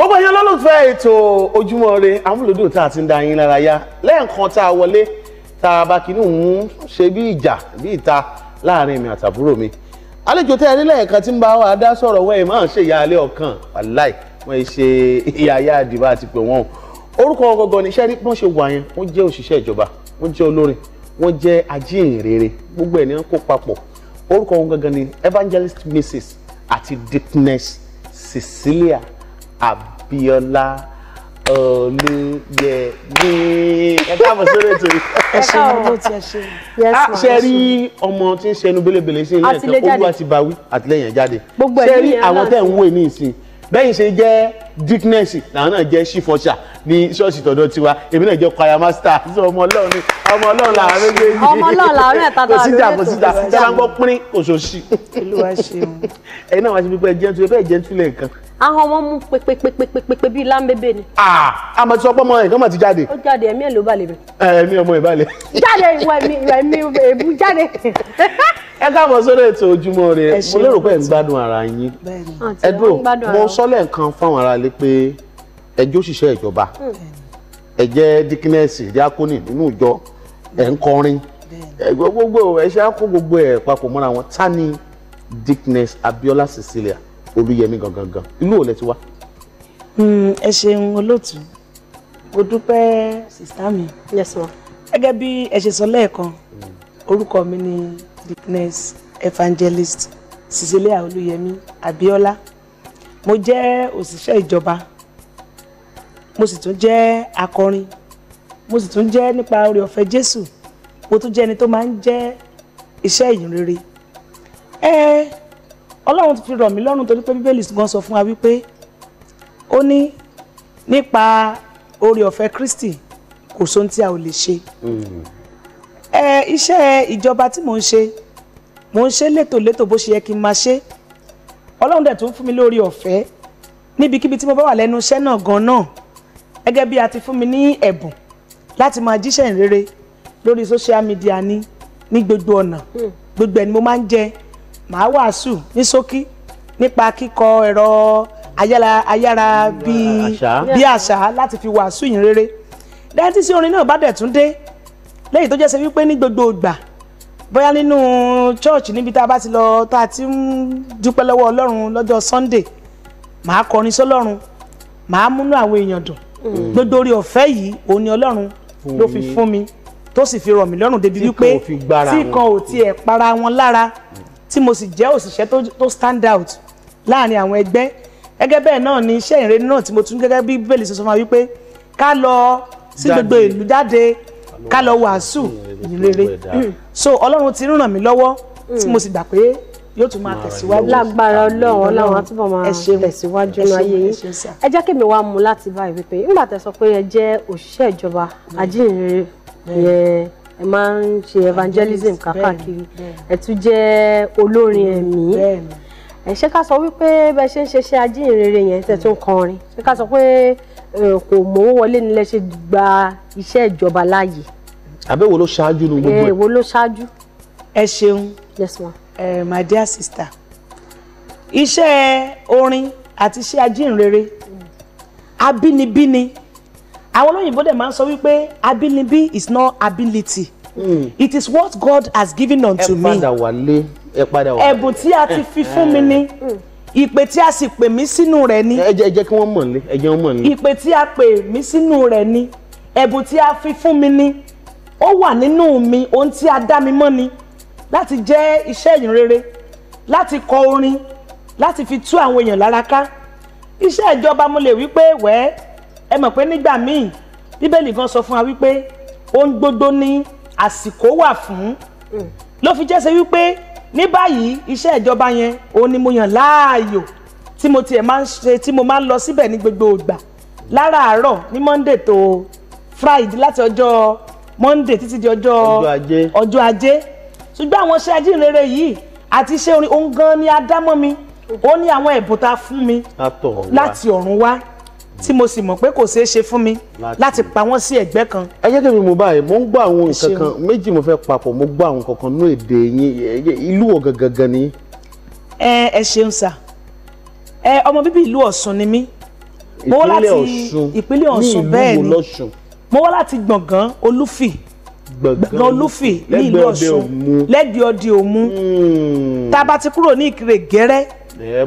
gbogbo èèyàn lọ́lùfẹ́ ètò ojúmọ́ re amúlòdù tá a ti ń da yín lára yá lẹ́ẹ̀kan tá a wọlé tá a bá kínní ń ṣe bí ìjà bí ìta láàrin èmi àtàbúrò mi àlejò tẹ́ ẹ rí lẹ́ẹ̀kan tí ń bá wa dá sọ̀rọ̀ wẹ́ẹ̀ máa ń ṣe ìyáálé ọkàn wàláì wọ́n ẹ ṣe ìyáyá àdìbò àti pé wọ́n orúkọ gọgàn níṣẹ́ rí wọ́n ṣe wà yẹn wọ́n jẹ́ òṣìṣẹ́ ìjọba wọ́n jẹ́ olórin wọ́n jẹ́ ajíhìnrere gbogbo ẹ̀ ní wọ́n kó evangelist mrs àti cecilia Abiola, Olúyẹmí ẹ káàbọ̀ sórí ètò yìí. ẹ káàbọ̀ bó tiẹ̀ ṣe. Ah, ṣe rí ọmọ tí ń ṣẹnu belebele sí ilé ẹ̀kan olúwa ti bá wí àtìlẹ́yìn ẹ̀ jáde ṣe rí àwọn tẹ̀ ń wò ní ìsìn bẹ́yìn ṣe jẹ́ dickness làwọn náà jẹ́ ṣífọ́ṣà ní ṣọ́ọ̀ṣì tọ̀dọ̀ tiwa èmi náà jẹ́ choir master ṣé ọmọ ọlọ́run ni ọmọ ọlọ́run làwọn méjèèjì ọmọ ọlọ́run làwọn mẹ́ta tó àlọ́ ètò ìsìnjà kò síjà tẹ́lá ń gbọ́ pín kò sòṣì. ẹ̀yin náà wá sí pípẹ́ gentle bẹ́ẹ̀ gentle nǹkan. àwọn ọmọ mú pépépépépépé bíi lámbébé ni. a máa ti sọ pé ọmọ rẹ̀ kán máa ti jáde. ó jáde ẹ̀mí ẹ̀ ló balẹ̀ mi. ẹ̀mí ọmọ ìbalẹ̀. jáde ìwà ẹ̀mí ìwà ẹ̀mí èébú jáde. ẹ káàbọ̀ sórí ètò ojúmọ́ rẹ mo lérò pé ń gbádùn ara yín ẹdùn mo sọ lẹ́ẹ̀kan fáwọn aráalé pé ẹjọ́ òṣìṣẹ́ ìjọba ẹ jẹ́ díkínẹ́sì díákónì nínú ìjọ ẹ̀ ń kọrin gbogbo ẹ kó gbogbo ẹ̀ papọ̀ mọ́ra wọn ta Dickness Abiola Cecilia Olúyẹmí gangan gan ìlú òlẹ̀ ti wá. Hmm, ẹ ṣeun olóòtú mo dúpẹ́ sista mi gẹ́gẹ́ bí ẹ ṣe sọ lẹ́ẹ̀kan hmm. orúkọ mi ni witness evangelist cecilia olúyẹmí Abiola, mo jẹ́ òṣìṣẹ́ ìjọba mo sì tún jẹ́ akọrin mo sì tún jẹ́ nípa oore ọ̀fẹ́ jésù mo tún jẹ́ ẹni tó máa ń jẹ́ iṣẹ́ ìyìnrere ẹ ọlọ́run ti fi rọ̀ mí lọ́rùn torí pé bíbélì gan sọ fún wa wípé ó ní nípa oore ọ̀fẹ́ kristi kò sóhun tí a ò lè ṣe. Hmm ẹ iṣẹ́ ìjọba tí mò ń ṣe mò ń ṣe létòlétò bó ṣe yẹ kí n máa ṣe ọlọ́run dẹ̀ tún fún mi lórí ọ̀fẹ́ níbikíbi tí mo bá wà lẹ́nu iṣẹ́ náà gan náà gẹ́gẹ́ bí a ti fún mi ní ẹ̀bùn láti máa jíṣẹ́ ìrere lórí social media ní ní gbogbo ọ̀nà hmm. gbogbo ẹ̀ ni mo máa ń jẹ màá wàásù ní ṣókí nípa kíkọ ẹ̀rọ ayára ayára bíi àṣà láti fi wàásù ìhìnrere dáńtí sí orin náà bá dẹ̀ tún dé lẹ́yìn tó jẹ́ ṣe wípé ní gbogbo ìgbà bóyá nínú chọ́ọ̀chì níbi tá a bá ti lọ tá a ti ń dúpẹ́ lọ́wọ́ ọlọ́run lọ́jọ́ sunday màá kọrin sọ́lọ́run màá múnú àwọn èèyàn dùn mm. gbogbo orí ọ̀fẹ́ yìí òun ni ọlọ́run ló fi fún mi tó sì fi rọ̀ mí lọ́rùn débi wípé tí kan ò tiẹ̀ para wọn lára tí mo sì jẹ́ òṣìṣẹ́ tó stand out láàrin àwọn ẹgbẹ́ gẹ́gẹ́ bẹ́ẹ̀ náà ni iṣẹ́ ìrere náà tí mo tún gẹ́gẹ́ bí bẹ́ẹ̀lì sọ fún wa wípé ká lọ sí gbogbo ìlú jáde ká lọ wàásù ìrere so ọlọ́run ti ràn mí lọ́wọ́ tí mo sì gbà pé yóò tún máa tẹ̀síwájú. lágbára ọlọ́run ọlọ́run á túbọ̀ máa tẹ̀síwájú ní ayé yín ẹ jẹ́ kí mi wá mú láti báyìí wípé nígbà tẹ́ sọ pé ẹ jẹ́ òṣìṣẹ́ ìjọba ajínrere yẹn ẹ máa ń ṣe evangelism káàkiri ẹ tún jẹ́ olórin ẹ̀mí ẹ ṣé ká sọ wípé bẹ́ẹ̀ ṣe ń ṣe iṣẹ́ ajínrere yẹn tẹ́ tún kọrin ṣé ká sọ pé kò mówó wọlé nílẹ̀ ṣe gba iṣẹ́ ìjọba láàyè. àbẹ̀wò ló ṣáájú ní gbogbo ẹ̀. èwo ló ṣáájú. ẹ ṣeun yes ma. ẹ my dear sister iṣẹ́ orin àti iṣẹ́ ajínrere abínibíni àwọn olóyìnbó dẹ̀ máa ń sọ wípé abínibí is not ability hmm. it is what God has given unto me. ẹ padà wálé ẹ padà wálé. ẹ̀bùn tí a ti fi fún mi ni. Hmm ìpè tí a sì pè mí sínú rẹ̀ ni. ẹ jẹ́ kí wọ́n mọ̀ ní ẹ jẹ́ wọ́n mọ̀ ní. ìpè tí a pè mí sínú rẹ̀ ni ẹ̀bùn tí a fi fún mi ni ó wà nínú mi ohun tí a dá mi mọ́ ni láti jẹ́ iṣẹ́ ìyìnrere láti kọ orin láti fi tú àwọn èèyàn lára ká iṣẹ́ ìjọba mo lè wí pé wẹ́ẹ́ ẹ mọ̀ pé nígbà míì bíbélì gan sọ fún wa wípé ohun gbogbo ni àsìkò wà fún hmm. ló fi jẹ́ ṣe wípé ní báyìí iṣẹ́ ìjọba yẹn òun ni mo yàn láàyò tí mo tiẹ̀ máa ń ṣe tí mo máa ń lọ síbẹ̀ ní gbogbo ìgbà láràárọ̀ ní Monday tó Friday láti ọjọ́ Monday títí di ọjọ́ ọjọ́ ajé ṣùgbọ́n àwọn iṣẹ́ ajínrere yìí àti iṣẹ́ orin òun gan ni adámọ́ mi ó ní àwọn ẹ̀bùn tá a fún mi láti ọ̀run wá tí mo sì mọ̀ pé kò ṣeé ṣe fún mi láti pa wọ́n sí ẹ̀gbẹ́ kan. ẹ jẹ́ kí mi mọ̀ báyìí mo ń gbọ́ àwọn nǹkan kan méjì mo fẹ́ papọ̀ mo gbọ́ àwọn kankan ní èdè yín ìlú wo gangan ni. ẹ ẹ ṣeun sà ẹ ọmọ bíbí ìlú Ọ̀ṣun ni mí mo wá láti ìpínlẹ̀ Ọ̀ṣun bẹ́ẹ̀ ni mo wá láti gbọ̀ngàn olúfì gbọ̀ngàn olúfì ní ìlú Ọ̀ṣun lẹ́gbẹ̀ẹ́ ọdẹ òmu hmm. tá a bá ti kúrò ní Ìkirè gẹ́rẹ́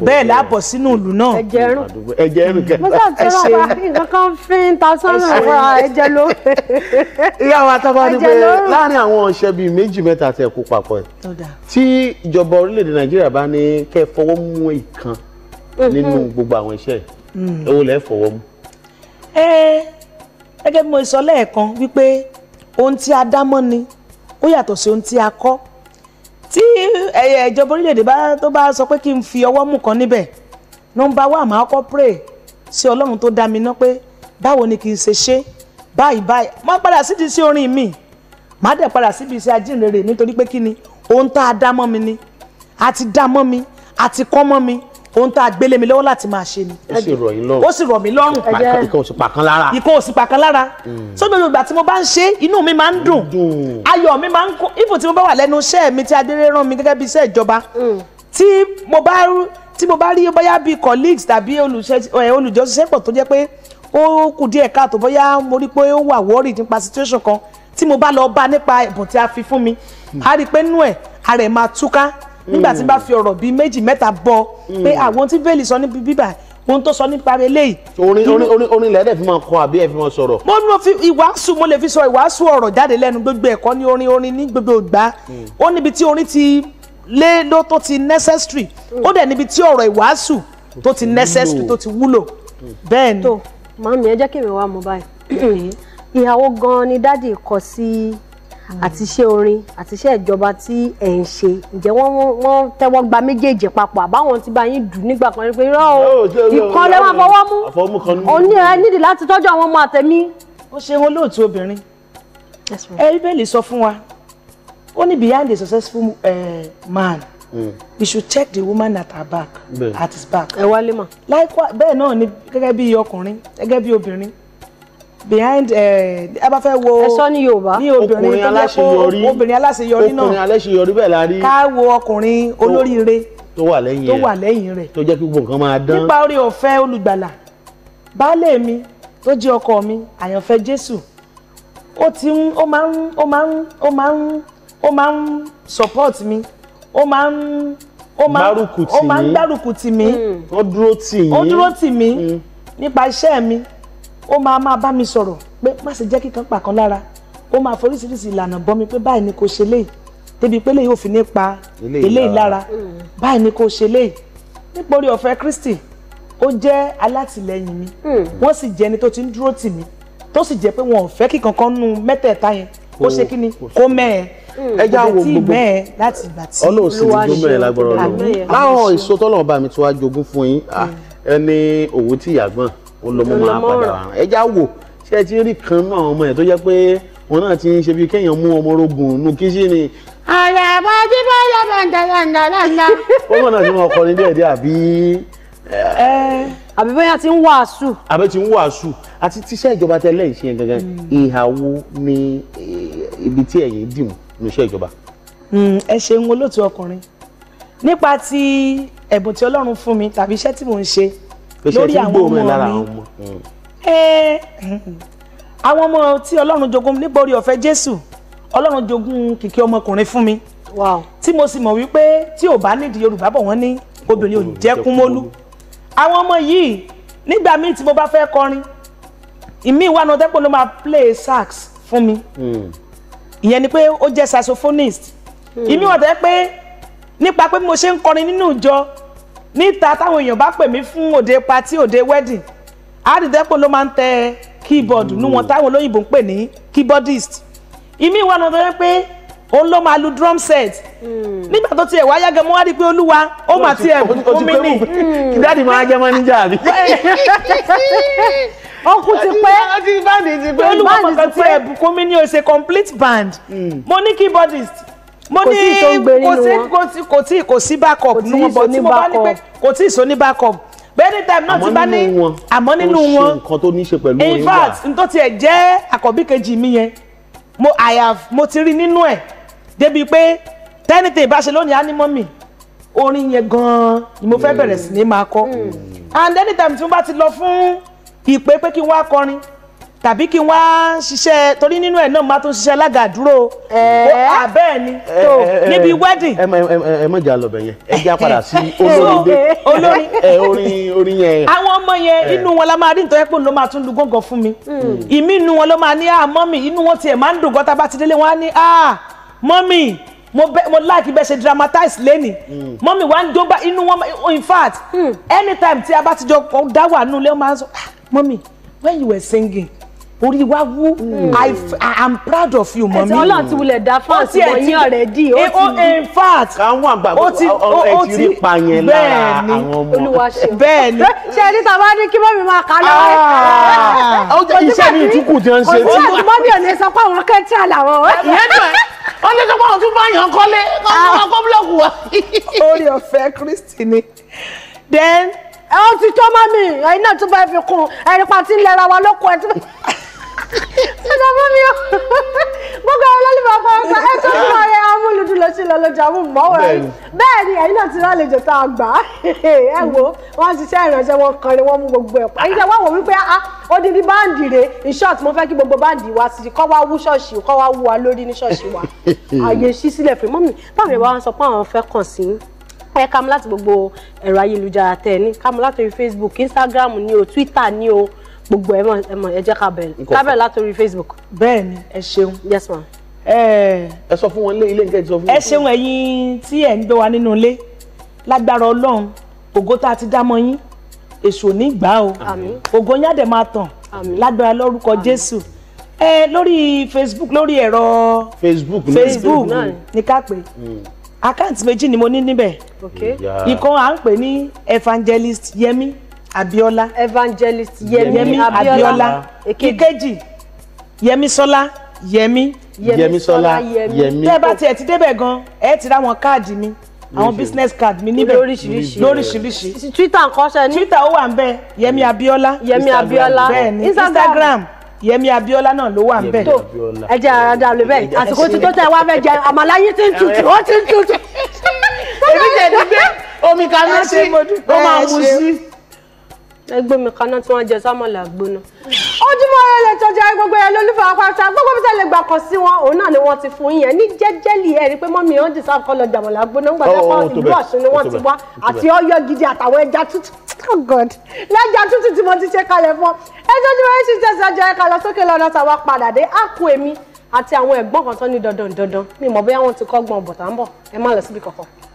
bẹ́ẹ̀ láàbọ̀ sínú ìlú náà. ẹ̀jẹ̀ rú ẹ̀jẹ̀ rú kẹ́. mo sàn tẹ́lọ̀ bá nǹkan kan fín ta sọ́nà fún ẹ̀jẹ̀ ló. ìyá wa tá a bá ní pé láàrin àwọn ọ̀sẹ̀ bíi méjì mẹ́ta tẹ̀ kó papọ̀ ẹ̀. tí ìjọba orílẹ̀-èdè nàìjíríà bá ní kẹ́ fọwọ́ mú ìkan mhm. nínú gbogbo àwọn iṣẹ́ ẹ̀ ewu mm. lẹ́ fọwọ́ mú. ẹ gẹ́gẹ́ bí mo sọ lẹ́ẹ̀kan wípé ohun tí a dámọ́ ni ó yàtọ̀ sí ohun tí a kọ́ tí ẹ̀yẹ eh, eh, ìjọba orílẹ̀-èdè tó bá sọ pé kí n fi ọwọ́ mú kan níbẹ̀ nọmba wa màá kọ́ pray sí ọlọ́run tó dá mi ná pé báwo ni kì í ṣe ṣe báyìí báyìí má padà sídìí sí orin mi má dẹ̀ padà síbi iṣẹ́ ajínrere nítorí pé kí ni ohun tá a dá mọ́ mi ni a dá mọ́ mi a kọ́ mọ́ mi ohun tá a gbélé mi lọ́wọ́ láti máa ṣe ni. ó sì rọ̀ yín lọ́rùn ó sì rọ̀ mí lọ́rùn. ikọ̀ òsì pàkan lára. ikọ̀ òsì pàkan lára. Hmm. so gbogbo ìgbà tí mo bá ń ṣe inú mi máa ń dùn ayọ̀ mi máa ń kó ipò tí mo bá wà lẹ́nu iṣẹ́ mi tí adéré rán mi gẹ́gẹ́ bí iṣẹ́ ìjọba hmm. tí mo bá tí mo bá rí bóyá bí colleagues tàbí eh, olùjọ́síṣẹ́pọ̀ tó jẹ́ pé ó kù díẹ̀ káàtó bóyá mo rí pé ó wà worried nípa situation kan tí mo bá lọ bá nípa ẹ̀bùn tí a fi fún mi hmm. a rí i pé nú ẹ̀ ara ẹ̀ máa túká nígbà tí n bá hmm. fi ọ̀rọ̀ bíi méjì mẹ́ta bọ hmm. pé àwọn tí bẹ́ẹ̀lì sọ níbi bíbà ohun tó sọ nípa eléyìí. orin orin orin orin lẹ́dẹ̀ fi máa kọ àbí ẹ̀ fi máa sọ̀rọ̀. mo ní mo fi ìwàásù mo lè fi sọ ìwàásù ọ̀rọ̀ jáde lẹ́nu gbogbo ẹ̀kọ́ ní orin orin ní gbogbo ìgbà hmm. ó níbi tí orin ti lé ló tó ti necessary ó dẹ̀ níbi tí ọ̀rọ̀ ìwàásù tó ti necessary tó ti wúlò bẹ́ẹ̀ ni. tó màmí ẹ jẹ́ kí mi wá mú báyìí ìyàwó gan-an ni dádì kọ sí àti iṣẹ́ orin àti iṣẹ́ ìjọba tí ẹ̀ ń ṣe ǹjẹ́ wọ́n wọ́n tẹ́wọ́ gba méjèèjì papọ̀ àbáwọn ti bá yín dùn nígbà kan pé irọ́ o ìkan lẹ́ máa fọwọ́ mú òní ẹ nídìí láti tọ́jú àwọn ọmọ àtẹ̀mí. ó ṣe wọn lóòótọ́ obìnrin Bíbélì sọ fún wa ó ní behind a successful uh, man mm. we should check the woman at her back at his back. ẹ wálé mà. láìpẹ́ bẹ́ẹ̀ náà ni gẹ́gẹ́ bí ọkùnrin gẹ́gẹ́ bí obìnrin behind eh, ẹ ẹ wo ẹsọ ní yorùbá ní obìnrin tó jẹ́ kó obìnrin aláṣeyọrí náà ọkùnrin aláṣeyọrí bẹ́ẹ̀ la rí ká wo ọkùnrin olóríire tó wà lẹ́yìn rẹ̀ tó wà lẹ́yìn rẹ̀ tó jẹ́ kí gbogbo nǹkan máa dán nípa orí ọ̀fẹ́ olùgbàlà baálé mi tó jẹ́ ọkọ mi àyànfẹ́ jésù ó ti ń ó máa ń ó máa ń ó máa ń ó máa ń support mi ó máa ń ó máa ń ó máa ń gbárùkù tì mí ó dúró tì mí mm. nípa iṣẹ́ mi. Mm ó máa máa bá mi sọ̀rọ̀ pé má ṣe jẹ́ kíkan pàkan lára ó máa foríṣiríṣi ìlànà bọ́ mi pé báyìí ni kò ṣe léyìí débi pé léyìí ò fi ní pa eléyìí lára mm. báyìí ni kò ṣe léyìí nítorí ọ̀fẹ́ Kristi ó jẹ́ alátìlẹyìn mi mm. wọ́n sì jẹ́ ẹni tó ti ń dúró tì mí tó sì jẹ́ pé wọn ò fẹ́ kíkankan nú mẹ́tẹ̀ẹ̀ta yẹn ó ṣe kí ni kó mẹ́ẹ̀ mm. ẹja wo gbogbo láti ìgbà tí Ọlọ́run sì ní jó mẹ́ẹ̀ lágbọ́rọ̀ lọ láwọn èso tọ́lọ́run mi tí wàá jogún fún yín ẹni òwú tí ìyàgbọ́n ó ló mú máa padà wá ẹ já wò ṣé ẹ ti rí kan náà ọmọ ẹ tó jẹ́ pé wọn náà ti ń ṣe bíi kéèyàn mú ọmọ orogun nù kí sí ni. àyàbọ̀ tí bá yàbọ̀ ǹdàdàǹdàdàǹdà. ọmọ náà ti mọ ọkọ ní díẹ̀díẹ̀ àbí. àbí bóyá ti ń wàásù. àbí ti ń wàásù àti tíṣẹ́ ìjọba tẹ́lẹ̀ ìṣe gangan hmm. ìhàwó ni eh, ibi tí ẹ̀yin dìmú ní iṣẹ́ ìjọba. Hmm, ẹ ṣeun olóòtú ọkùnrin nípa ti ẹ̀bùn tí Ọlọ́run fún mi tàbí iṣẹ́ tí mò ń ṣe lórí àwọn ọmọ mi àwọn ọmọ tí ọlọ́run jogún níborí ọ̀fẹ́ jésù ọlọ́run jogún kìkì ọmọkùnrin fún mi tí mo sì mọ̀ wípé tí ò bá nídìí yorùbá bọ̀ wọ́n ní obìnrin ò jẹ́ kúmólú àwọn ọmọ yìí nígbà míì tí mo bá fẹ́ kọrin ìmí ìwánu tẹ́pọ̀ ló máa play sax fún mi hmm. ìyẹn ni pé ó jẹ́ saxophonist hmm. ìmí wọ̀n tẹ́ pé nípa pé mo ṣe ń kọrin nínú ìjọ níta táwọn èèyàn bá pè mí fún òde patí òde wedding àdìdẹ́pọ̀ ló máa ń tẹ keyboard nú wọn táwọn olóyìnbó ń pè ní keyboardist ìmí ìwà náà tó yẹ pé òun ló máa lu drum set hmm. nígbà tó tiẹ̀ wáyá gan mo wá rí i pé olúwa ó mà tiẹ̀ omi ni hmm. kí dáàdì máa jẹ́ mọ́níjà mi. ọkùn ti pẹ́ olúwa mọ̀kàn tiẹ̀ bùkún mi ni o ṣe complete band hmm. mo ní keyboardist mo ní kò sí kò sí kò sí kò sí backup nu wọn bọ tí mo bá ní pé kò tí ì so ní backup bẹ́ẹ̀ni time náà ti bá ní àmọ́ nínú wọn in fact n tó tiẹ̀ jẹ́ àkọ́bí kejì mi yẹn mo I have mo ti rí nínú ẹ̀ débi pé tẹ́nìtì ìbáṣe lónìí á ní mọ́mì orin yẹn gan-an ni mo fẹ́ mm. bẹ̀rẹ̀ sí ní máa kọ́ mm. and anytime tí mo bá ti lọ fún ìpè pé kí n wá kọrin tàbí kí n wá ṣiṣẹ́ torí nínú ẹ̀ náà máa tún ṣiṣẹ́ alágàdúró abẹ́ẹ̀ ni tó níbi wedding. ẹ ẹ mọ̀ jà lọ́bẹ̀ yẹn ẹ já padà sí olórin olórin orin orin yẹn. àwọn ọmọ yẹn inú wọn la máa rí nítorí pé ló máa tún lu gángan fún mi hmm. ìmí inú wọn ló máa ní ah mọ́mì inú wọn tiẹ̀ máa ń dùn gọ́tà bá ti délé wọn á ní ah mọ́mì mo bẹ mo like bẹ ṣe dramatize lẹ́nì hmm. mọ́mì wa ń jó bá inú wọn in fact hmm. anytime tí a bá ti jọ dá wà nù lẹ́wọ̀n máa ń sọ ah when you were singing orí wa wú hmm. i am proud of you mọ̀mí. ẹ̀sìn ọlọ́run ti wulẹ̀ dá fáàsì wọ̀nyí ọ̀rẹ́ dì ó ti eh, oh, in fact àwọn àgbàgbọ́ ẹ ti rí pààyàn lára àwọn ọmọ bẹ́ẹ̀ ni ṣe ẹni tá a bá ní kí mọ́mí máa kà lọ́wọ́. Ah! iṣẹ́ mi ìtúkù ti ń ṣe. òṣìṣẹ́ àti mọ́mí ò ní sọ pé àwọn kẹ́ńtà làwọn. ìyẹn náà wọ́n ní sọ pé àwọn tún bá yàn kọ́lé kọ́ ah. búlọ̀kù wa. orí ọ̀fẹ́ kristi ni then ó ti tọ́ mọ́mí ẹ̀yin náà tún bá fi kún ẹ̀rípa tí ń lẹ́ra wa lóko ẹ̀ tún bá sọdọ mọ mi o gbogbo àwọn olólùfẹ́ ọkọ ọkọ ẹ tó mọ ọyẹ amúlùdù lọ náà ti rálejò tá a gbà á ẹ wo wọ́n ṣiṣẹ́ ìrànṣẹ́ wọn kan ni mú gbogbo ẹ̀ pa ẹ̀yin tẹ́ wá wò wípé ah odidi báǹdì rè in short mo fẹ́ kí gbogbo báǹdì wa sí kọ́ wá wú ṣọ́ọ̀ṣì kọ́ wá wú wa lórí ní ṣọ́ọ̀ṣì wa ààyè ṣí sílẹ̀ fún mọ́mì báwo ni wọ́n sọ pé àwọn fẹ́ kàn sí ẹ ká mú láti gbogbo ẹ̀rọ ayélujára tẹ̀ ní ká mú láti Facebook Instagram ní o Twitter ní o gbogbo ẹ mọ ẹ mọ ẹ jẹ́ ká bẹ̀rẹ̀ ká bẹ̀rẹ̀ látòrí facebook. bẹ́ẹ̀ni ẹ ṣeun. yes ma. ẹ sọ fún wọn ilé ilé nǹkan ẹ sọ fún wọn. ẹ ṣeun ẹ̀yin tí ẹ ń gbé wa nínú ilé lágbára Ọlọ́run ògo tá a ti dá mọ́ yín èṣù ní gbà o ògo yín á dẹ̀ máa tàn lágbára lórúkọ Jésù ẹ lórí facebook lórí ẹ̀rọ facebook facebook ní ká pè hmm. àkáǹtì méjì ni mo ní níbẹ̀ ìkan à ń pè ní evangelist Yẹmí abiola evangelist yemi abiola ìkejì yemi sola. yemi yemi sola. yemi tẹ́ bá tiẹ̀ ti débẹ̀ gan ẹ ti ra wọn káàdì mi àwọn business card mi níbẹ̀ lóríṣiríṣi lóríṣiríṣi twitter nǹkan ṣe ni twitter ó wà ń bẹ yemi abiola yemi abiola instagram Yemi abiola náà ló wà nbẹ. ẹ jẹ ara dà lè bẹ àsìkò tí tó tẹ wá fẹ jẹ àmàláyé tí ń tutù ó ti ń tutù. èmi jẹ omi kan ló ṣe ó máa mú sí ẹgbẹ́ mi kaná tí wọ́n jẹ sámọ̀lá gbóná. ojúmọ́ ire lè tọ́jú ayé gbogbo ẹ̀ lólúfẹ́ apáta gbogbo bí sẹ́lẹ̀ gbà kàn sí wọn òun náà ni wọ́n ti fún yín ní jẹ́jẹ́lì ẹ̀ rí pé mọ́mí ẹ̀ dì sáà kọ́lọ̀ jàmọ̀lá gbóná ń gbàdá pa ìlú ọ̀ṣun ni wọ́n ti wá àti ọyọ gidi àtàwọn ẹja tútù oh lẹ́jà tútù tí mo ti ṣe kalẹ̀ fún ẹ tọ́jú ẹ sì tẹ̀síwájú ẹ kalọ ẹ má lọ síbi kankan.